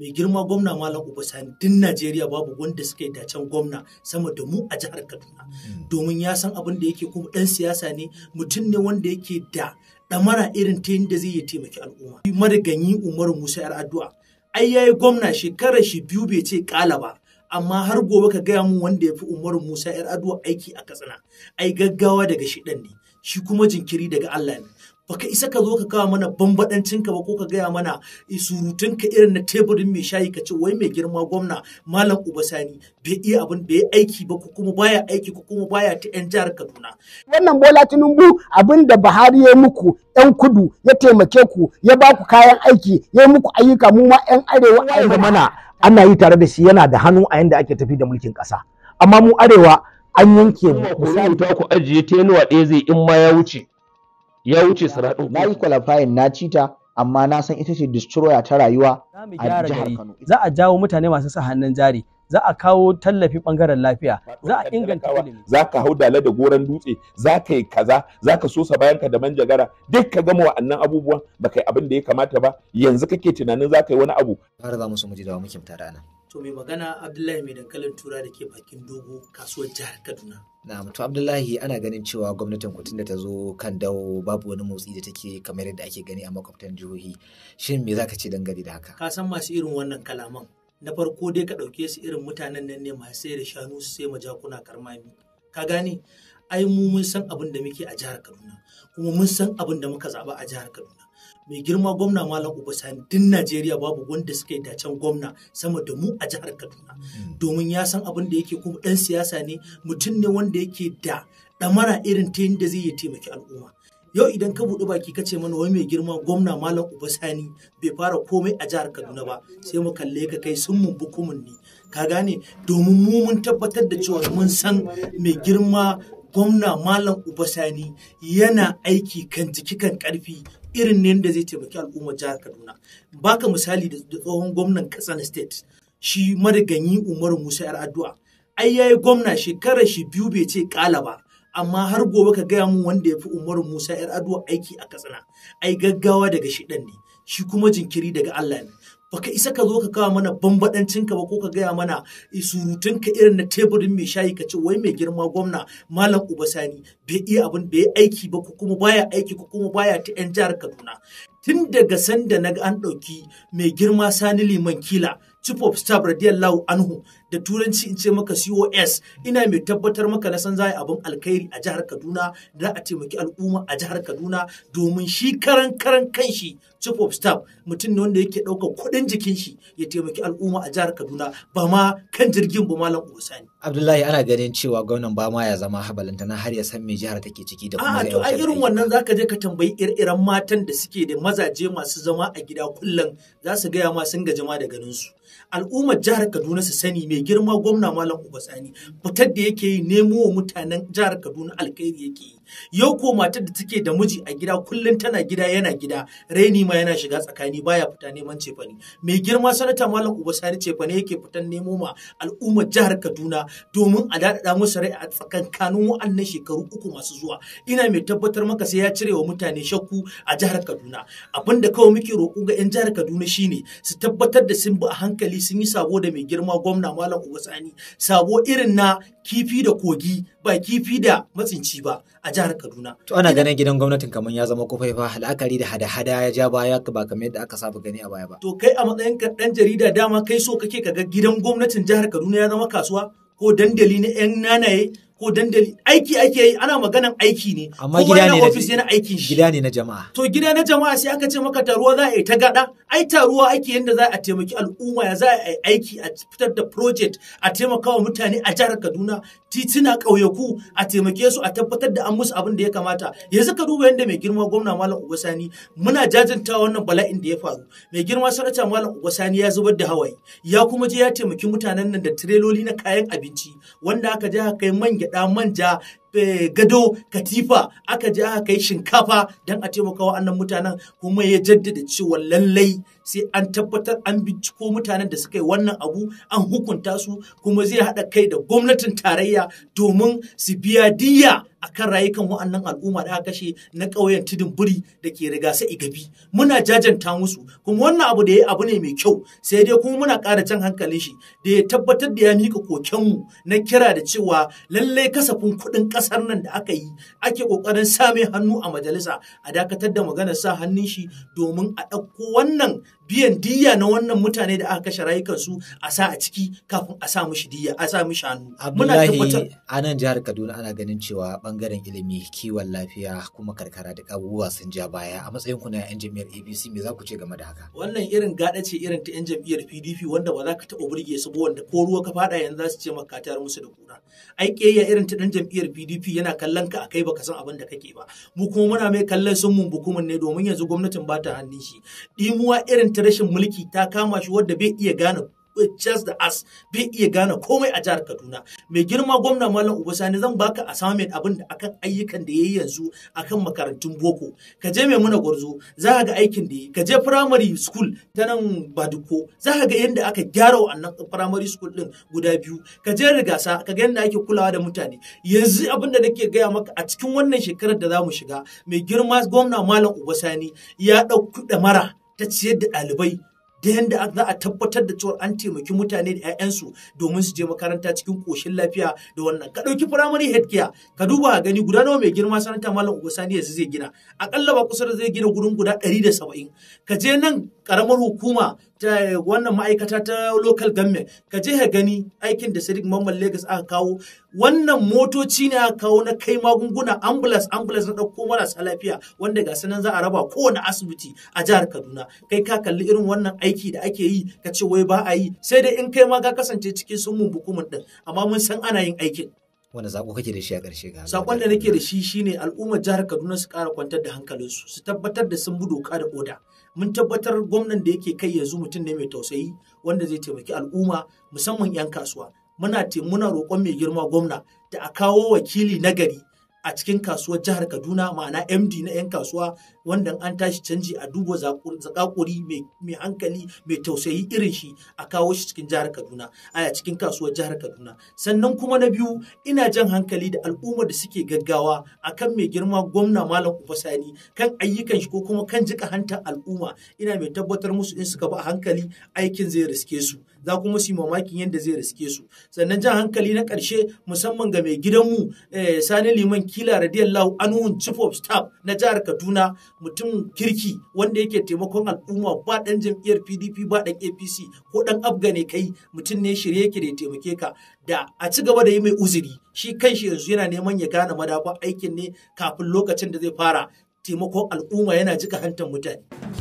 mai girma gwamna malam Sani din najeriya babu wanda suka yi dacen gwamna sama da mu a jihar kaduna hmm. domin ya san abin da yake kuma dan siyasa ne mutum ne wanda yake da ɗamara irin ta yadda zai yi taimaki al'umma madaganyi umaru musa yar addu'a ai yayi gwamna shekarar shi biyu bai ce kala ba amma har gobe ka gaya mu wanda ya fi umaru musa yar addu'a aiki a katsina ai gaggawa daga shi ne shi kuma jinkiri daga allah ne baka isa ka zo ka kawo mana ka ba ko ka gaya mana surutunka irin na teburin mai shayi ka ce wai mai girma gwamna malam ubasani bai iya abin bai aiki ba ko kuma baya aiki ko kuma baya ta yan jihar kaduna wannan bola tinubu abin da buhari ya muku yan kudu ya taimake ku ya ba ku kayan aiki ya muku ayyuka mu ma yan arewa a mana ana yi tare da shi yana da hannu a yanda ake tafi da mulkin kasa amma mu arewa an yanke mu misali ta ku ajiye tenuwa ɗaya zai in ma ya wuce ya wuce siraɗin na yi qualifying na cita amma na san ita ce destroyer ta rayuwa a jihar Kano za a jawo mutane masu sa hannun jari za a kawo tallafi bangaren lafiya za a inganta ilimi za ka hau dala da goran dutse za ka yi kaza za ka sosa bayanka da manjagara duk ka gama wa'annan abubuwan ba kai abin da ya kamata ba yanzu kake tunanin za ka yi wani abu har za mu so mu ji da muke tare nan to mai magana abdullahi mai dankalin tura da ke bakin dogo kasuwar jihar kaduna na to abdullahi ana ganin cewa gwamnatin kutun da ta zo kan dawo babu wani motsi da take kamar yadda ake gani a makwabtan jihohi shin me zaka ce dangane da haka ka san masu irin wannan kalaman na farko dai ka ɗauke su irin mutanen nan ne masu sai da shanu su sai majakuna karmami ka gane ai mu mun san abin da muke a jihar kaduna kuma mun san abin da muka zaɓa a jihar kaduna mai girma gwamna malam Sani din najeriya babu wanda suka yi dacen gwamna sama da mu a jihar kaduna hmm. domin ya san abin da yake kuma dan siyasa ne mutum ne wanda yake da ɗamara irin ta yadda zai yi taimaki al'umma yau idan ka buɗe baki ka ce mana wai mai girma gwamna malam Sani bai fara komai a jihar kaduna ba sai mu kalle ka kai sun mun bukumin ne ka gane domin mu mun tabbatar da cewa mun san mai girma gwamna malam ubasani yana aiki kan jiki kan karfi irin ne da zai taimaki al'ummar jihar kaduna baka misali da tsohon gwamnan katsina state shi madaganyi umaru musa yar addu'a ai yayi gwamna shekarar shi biyu bai ce kala ba amma har gobe ka gaya mun wanda ya fi umaru musa yar addu'a aiki a katsina ai gaggawa daga shi ne shi kuma jinkiri daga allah ne baka isa ka zo ka kawo mana ka ba ko ka gaya mana ka irin na teburin mai shayi ka ce wai mai girma gwamna malam uba sani bai iya abin bai aiki ba ko kuma baya aiki ko kuma baya ta yan jihar kaduna tun daga sanda na an ɗauki mai girma sani liman kila chief of staff radiyallahu anhu da turanci in ce maka COS ina mai tabbatar maka na san zai abin alkhairi a jihar Kaduna da a taimaki al'umma a jihar Kaduna domin shi karan karan kanshi chief of staff mutum ne wanda yake ɗaukar kuɗin jikin shi ya taimaki al'umma a jihar Kaduna ba ma kan jirgin ba malam Usani. Abdullahi ana ganin cewa gwamnan ba ma ya zama habalanta na har ya san me jihar take ciki da kuma to a irin wannan zaka je ka tambayi ire-iren matan da suke da mazaje masu zama a gida kullum za su gaya ma sun ga jama da ganin su. Al'ummar jihar Kaduna su sani me mai girma gwamna malam Uba Sani fitar da yake yi nemo wa mutanen jihar Kaduna alkhairi yake yi yau ko matar da take da miji a gida kullum tana gida yana gida raini ma yana shiga tsakani baya fita neman cefane mai girma sanata malam Uba Sani cefane yake fitan nemo ma al'ummar jihar Kaduna domin a daɗaɗa musu rai a tsakankanin wa'annan shekaru uku masu zuwa ina mai tabbatar maka sai ya cire wa mutane shakku a jihar Kaduna abin da kawai muke roƙo ga 'yan jihar Kaduna shine su tabbatar da sun bi a hankali sun yi sabo da mai girma gwamna malam Malam Uba Sani sabo irin na kifi da kogi ba kifi da matsinci ba a jihar Kaduna. To ana ganin gidan gwamnatin kamar ya zama kofai fa la'akari da hada-hada ya ja baya ba kamar yadda aka saba gani a baya ba. To kai a matsayin ka dan jarida dama kai so kake ka ga gidan gwamnatin jihar Kaduna ya zama kasuwa ko dandali na 'yan nanaye ko dandali aiki ake yi ana maganan aiki ne amma gida ne ofis yana aikin shi gida ne na jama'a to gida na jama'a sai aka ce maka taruwa za a yi ta gada ai taruwa ake yanda za a taimaki al'umma ya za a yi aiki a fitar da project a taimaka wa mutane a jihar Kaduna tituna ƙauyaku a taimake su a tabbatar da an musu abin da ya kamata yanzu ka duba yanda mai girma gwamna malam Sani muna jajanta wannan bala'in da ya faru mai girma sarauta malam Sani ya zubar da hawaye ya kuma je ya taimaki mutanen nan da tireloli na kayan abinci wanda aka je aka kai manya gyaɗa manja Eh, gado katifa aka je aka kai shinkafa don a taimaka wa annan mutanen kuma ya jaddada cewa lallai sai an tabbatar an binciko mutanen da suka yi wannan abu an hukunta su kuma zai haɗa kai da gwamnatin tarayya domin su biya diya a kan rayukan wa'annan al'umma da aka kashe na ƙauyen tudun buri da ke riga sa igabi muna jajanta musu kuma wannan abu da ya abu ne mai kyau sai dai kuma muna ƙara jan hankalin shi da ya tabbatar da ya mika kokenmu na kira da cewa lallai kasafin kuɗin ƙasa ƙasar nan da aka yi ake ƙoƙarin same hannu a majalisa a dakatar da maganar sa hannun shi domin a ɗauko wannan biyan diya na wannan mutane da aka kashe rayukansu a sa a ciki kafin a sa mushi diya a sa mushi hannu abdullahi a nan jihar kaduna ana ganin cewa bangaren ilimi kiwon lafiya kuma karkara da abubuwa sun ja baya a matsayin ku na yan jami'ar abc me za ku ce game da haka wannan irin gada ce irin ta yan jam'iyyar pdp wanda ba za ka taɓa burge su ba wanda ko ruwa ka faɗa yanzu za su ce maka tayar musu da kura ai kiyayya irin ta dan jam'iyyar pdp yana kallon ka a kai baka san abin da kake ba mu kuma muna mai kallon sun mun bukumin ne domin yanzu gwamnatin ba ta hannun shi ɗimuwa irin ta rashin mulki ta kama shi wadda bai iya gane just the as bai iya gane komai a jihar Kaduna mai girma gwamna Malam Sani zan baka assignment abin da akan ayyukan da yayi yanzu akan makarantun boko ka je muna Gwarzo za ka ga aikin da yayi ka je primary school ta nan Baduko za ka ga yadda aka gyara wannan primary school din guda biyu ka je Rigasa ka ga yadda ake kulawa da mutane yanzu abin da nake gaya maka a cikin wannan shekarar da za mu shiga mai girma gwamna Malam uba Sani ya ɗauki ɗamara ta ciyar da ɗalibai da yadda za a tabbatar da cewa an taimaki mutane da 'ya'yansu domin su je makaranta cikin koshin lafiya da wannan ka ɗauki firamare healthcare ka duba gani guda nawa mai girma sanata malam uba sani yanzu zai gina aƙalla ba kusa da zai gina gurin guda da saba'in ka je nan ƙaramar hukuma wannan ma'aikata ta local government ka je ka gani aikin da Sadiq Mamman Lagos aka kawo wannan motoci ne aka kawo na kai magunguna ambulance ambulance na ɗauko marasa lafiya wanda ga sanan za a raba kowane asibiti a jihar Kaduna kai ka kalli irin wannan aiki da ake yi ka ce wai ba a yi sai dai in kai ma ka kasance cikin sun mun din amma mun san ana yin aikin wanda zaƙo kake da shi a ƙarshe ga sakon da nake da shi shine al'ummar jihar Kaduna su ƙara kwantar da hankalinsu su tabbatar da sun bi doka da oda mun tabbatar gwamnan da yake kai yanzu mutum ne mai tausayi wanda zai taimaki al'umma musamman 'yan kasuwa muna muna roƙon mai girma gwamna da a kawo wakili nagari a cikin kasuwar jihar Kaduna ma'ana MD na 'yan kasuwa wanda an tashi canji a duba zakakuri mai hankali mai tausayi irin shi a kawo shi cikin jihar Kaduna a cikin kasuwar jihar Kaduna sannan kuma na biyu ina jan hankali da al'ummar da suke gaggawa akan mai girma gwamna malam Sani kan ayyukan shi ko kuma kan jika hantar al'umma ina mai tabbatar musu in suka ba hankali aikin zai riske su za kuma su yi mamakin yadda zai riske su sannan jan hankali na ƙarshe musamman ga mai gidan mu eh, sani liman kila radiyallahu anhu chief of staff na jihar kaduna mutum kirki wanda yake taimakon al'umma ba ɗan jam'iyyar pdp ba ɗan apc ko dan abga kai mutum ne shirye yake da ya taimake ka da a ci gaba da yi mai uzuri shi kanshi yanzu yana neman ya gane madafa aikin ne kafin lokacin da zai fara taimakon al'umma yana jika hantar mutane.